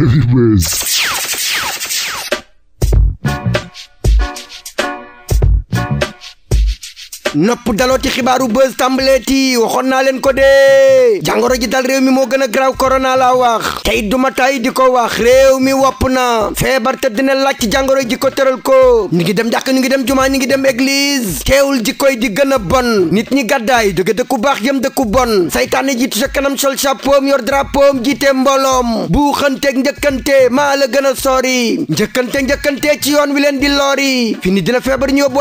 Heavy Bass. nopp dalooti xibaaru buzz tàmbaleeti waxoon naa leen ko dee jàngoro ji dal réew mi moo gën a graw korona laa wax tey duma tay di ko wax réew mi wopp na feebar te dina laaj jàngoro ji ko tëral ko ñu ngi dem jàkk ñu ngi dem jumaa ñu ngi dem église teewul ji koy di gën a bon nit ñi gàddaay jóge dëkku baax jëm dëkku bon saytaane jiitu sa kanam sol chapeau yor drapeau jiite mbooloom buuxanteeg njëkkante maa la gën a sori njëkkante njëkkante ci yoon wi leen di lori fini dina feebar ñu yóbbu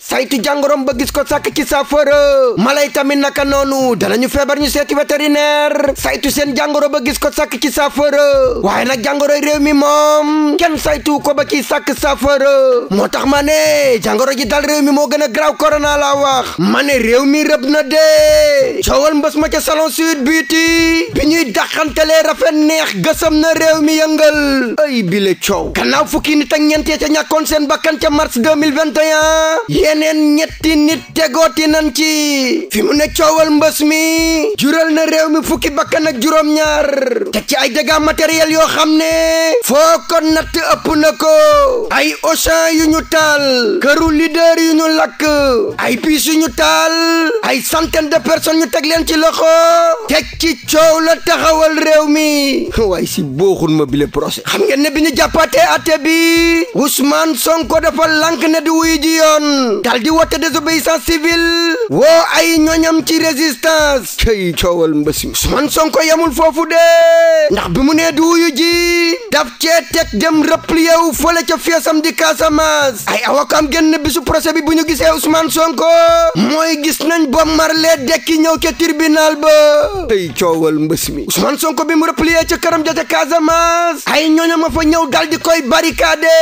saytu jàngoro doom ba gis ko sàkk ci saafara mala yi tamit naka noonu danañu feebar ñu seeti vétérinaire saytu seen jàngoro ba gis ko sàkk ci saafara waaye nag jàngoro réew mi moom kenn saytu ko ba ci sàkk saafara moo tax ma ne jàngoro ji dal mi moo gën a graw korona laa wax ma ne réew mi rëb na dee coowal mbës ma ca salon sud beauty bi ñuy daxantelee rafet neex gësam na réew mi yëngal ay bile coow gannaaw fukki nit ak ñeentee ca ñàkkoon seen bakkan ca mars 2021 yeneen ñetti ñetti nit tegooti nan ci fi mu ne coowal mbës mi jural na réew mi fukki bakkan ak juróom-ñaar ci ay dégâts matériels yoo xam ne foo ko natt ëpp na ko ay Auchan yu ñu taal këru leader yu ñu lakk ay piis yu ñu taal ay centaine de personnes ñu teg leen ci loxo teg ci coow la taxawal réew mi waaye si booxul ma bile procès xam ngeen ne bi ñu jàppaatee atte bi Ousmane Sonko dafa lank ne di wuyu ji yoon dal di wote désobéissance civile woo ay ñoñam ci résistance tey coowal mbasi Ousmane Sonko yamul foofu de ndax bi mu nee du wuyu ji daf cee teg dem replié wu fële ca feesam di Casamance ay avocat bi bu ñu gisee Ousmane Sonko mooy gis nañ ba marlee dekki ñëw ca tribunal ba tey coowal mbës mi Ousmane Sonko bi mu replié ca këram ja ca Casamance ay ñooñu ma fa ñëw dal di koy barricade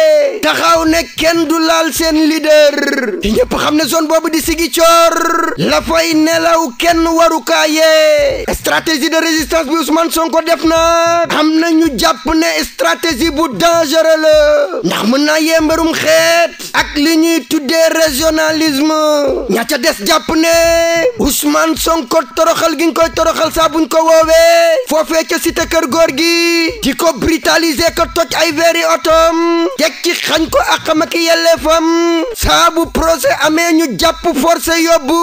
taxaw ne kenn du laal seen leader te ñëpp xam ne zone boobu di Ziguinchor la fay nelaw kenn waru kaa de résistance bi Ousmane Sonko def na am na jàpp ne stratégie bu dangereux la ndax mën naa yee mbirum xeet ak li ñuy tuddee régionalisme ña ca des jàpp ne Ousmane Sonko toroxal gi ñu koy toroxal saa buñ ko woowee foofee ca cité kër góor gi di ko brutaliser ko toj ay veeri otom teg ci xañ ko àqam ak yelleefam saa bu procès ñu jàpp forcé yóbbu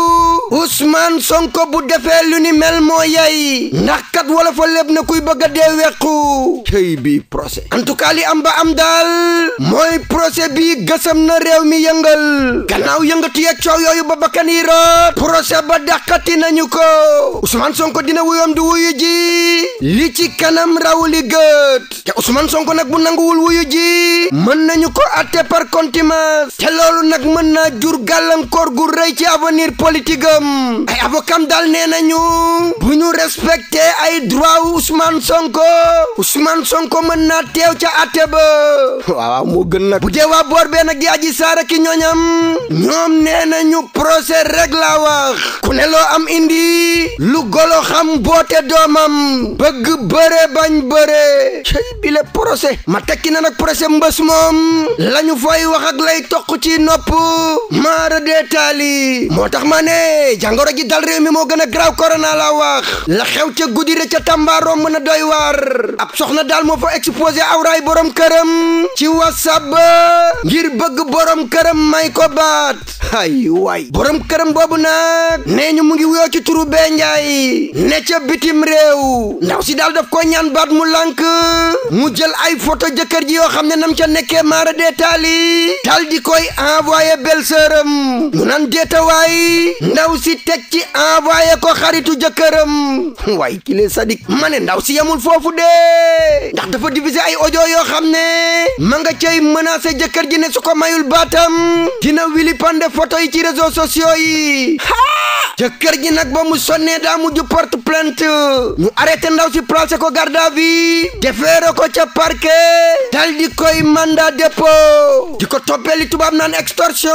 Ousmane Sonko bu defee lu ni mel moo yay ndax kat wala fa lépp kuy bëgg dee wequ cëy bi procès en am ba am daal mooy procès bi gësam na réew mi yëngal gannaaw yëngatu yeeg coow yooyu ba bakkan yi rot procès ba dàqati nañu ko Ousmane Sonko dina wuyoom du wuyu ji li ci kanam raw li gët te Ousmane Sonko nag bu nanguwul wuyu ji mën nañu ko atte par contumace te loolu nag mën na jur gàllankoor gu rëy ci avenir politique am ay avocam daal nee ñu bu ñu respecté ay droit wu Ousmane Sonko Ousmane Sonko mën na teew ca atte ba waaw moo gën nag bu dee boor bee nag di aji Sarr ak ñooñam ñoom nee nañu procès rek laa wax ku ne loo am indi lu golo xam boote doomam bëgg bëre bañ bëre cey bi le ma tekki na nag procès mbës moom lañu fay wax ak lay toq ci nopp maara dee taali moo tax ma ne jàngoro ji dal réew mi moo gën a graaw korona la wax la xew ca guddi rek ca romb na doy waar ab soxna daal moo fa exposé awraay borom këram ci whatsapp ngir bëgg borom këram may ko baat ay waay borom këram boobu nag nee ñu mu ngi wuyoo ci turu bee njaay ne ca bitim réew ndaw si daal daf ko ñaan baat mu lank mu jël ay photo jëkkër ji yoo xam ne nam ca nekkee maara dee taali dal koy envoyé belle-sœuram mu nan deetawaay ndaw si teg ci envoyé ko xaritu jëkkëram waay ki lee sadik ma ndaw si yamul foofu dee ndax dafa diviser ay audio yoo xam ne ma nga cay menacé ji ne su ko mayul wil baatam dina wili pande photo yi ci réseaux sociaux yi jëkkër ji nag ba mu sonnee daa mujj porte plainte ñu arrêté ndaw si placé ko garde à defeere ko ca parquet dal di koy mandat dépôt di ko toppee li tubaab naan extorsion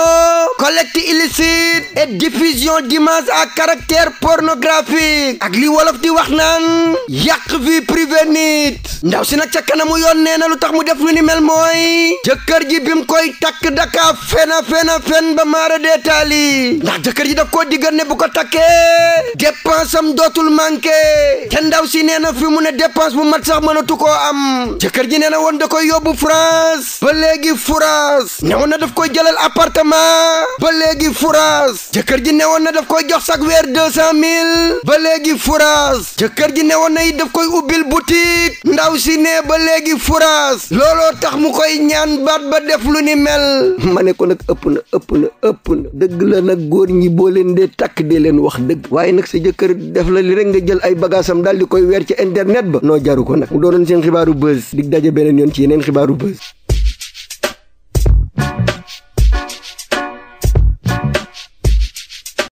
collecte illicite et diffusion d'images à caractère pornographique ak li wolof wax naan yàq vie privée nit ndaw si nag ca kanamu yoon nee na lu tax mu def lu ni mel mooy jëkkër ji bi koy takk dakaa fena fena fen ba maara dee taali ndax jëkkër ji daf koo diggal ne bu ko takkee dépense am dootul manqué te ndaw si nee na fi mu ne dépense mu mat sax mënatu koo am jëkkër ji nee na woon da koy yóbbu France ba léegi France ne woon na daf koy jëlal appartement ba léegi France jëkkër ji ne woon na daf koy jox sax weer deux cent mille ba léegi France jëkkër ji ne woon na it daf koy ubbil boutique ndaw si ne ba léegi France looloo tax mu koy ñaan baat ba def lu ni mel daal ma ne ko nag ëpp na ëpp na ëpp na dëgg la nag góor ñi boo leen dee takk dee leen wax dëgg waaye nag sa jëkkër def la li rek nga jël ay bagaasam daal di koy weer ci internet ba noo jaru ko nag mu doonoon seen xibaaru buzz dig daje beneen yoon ci yeneen xibaaru buzz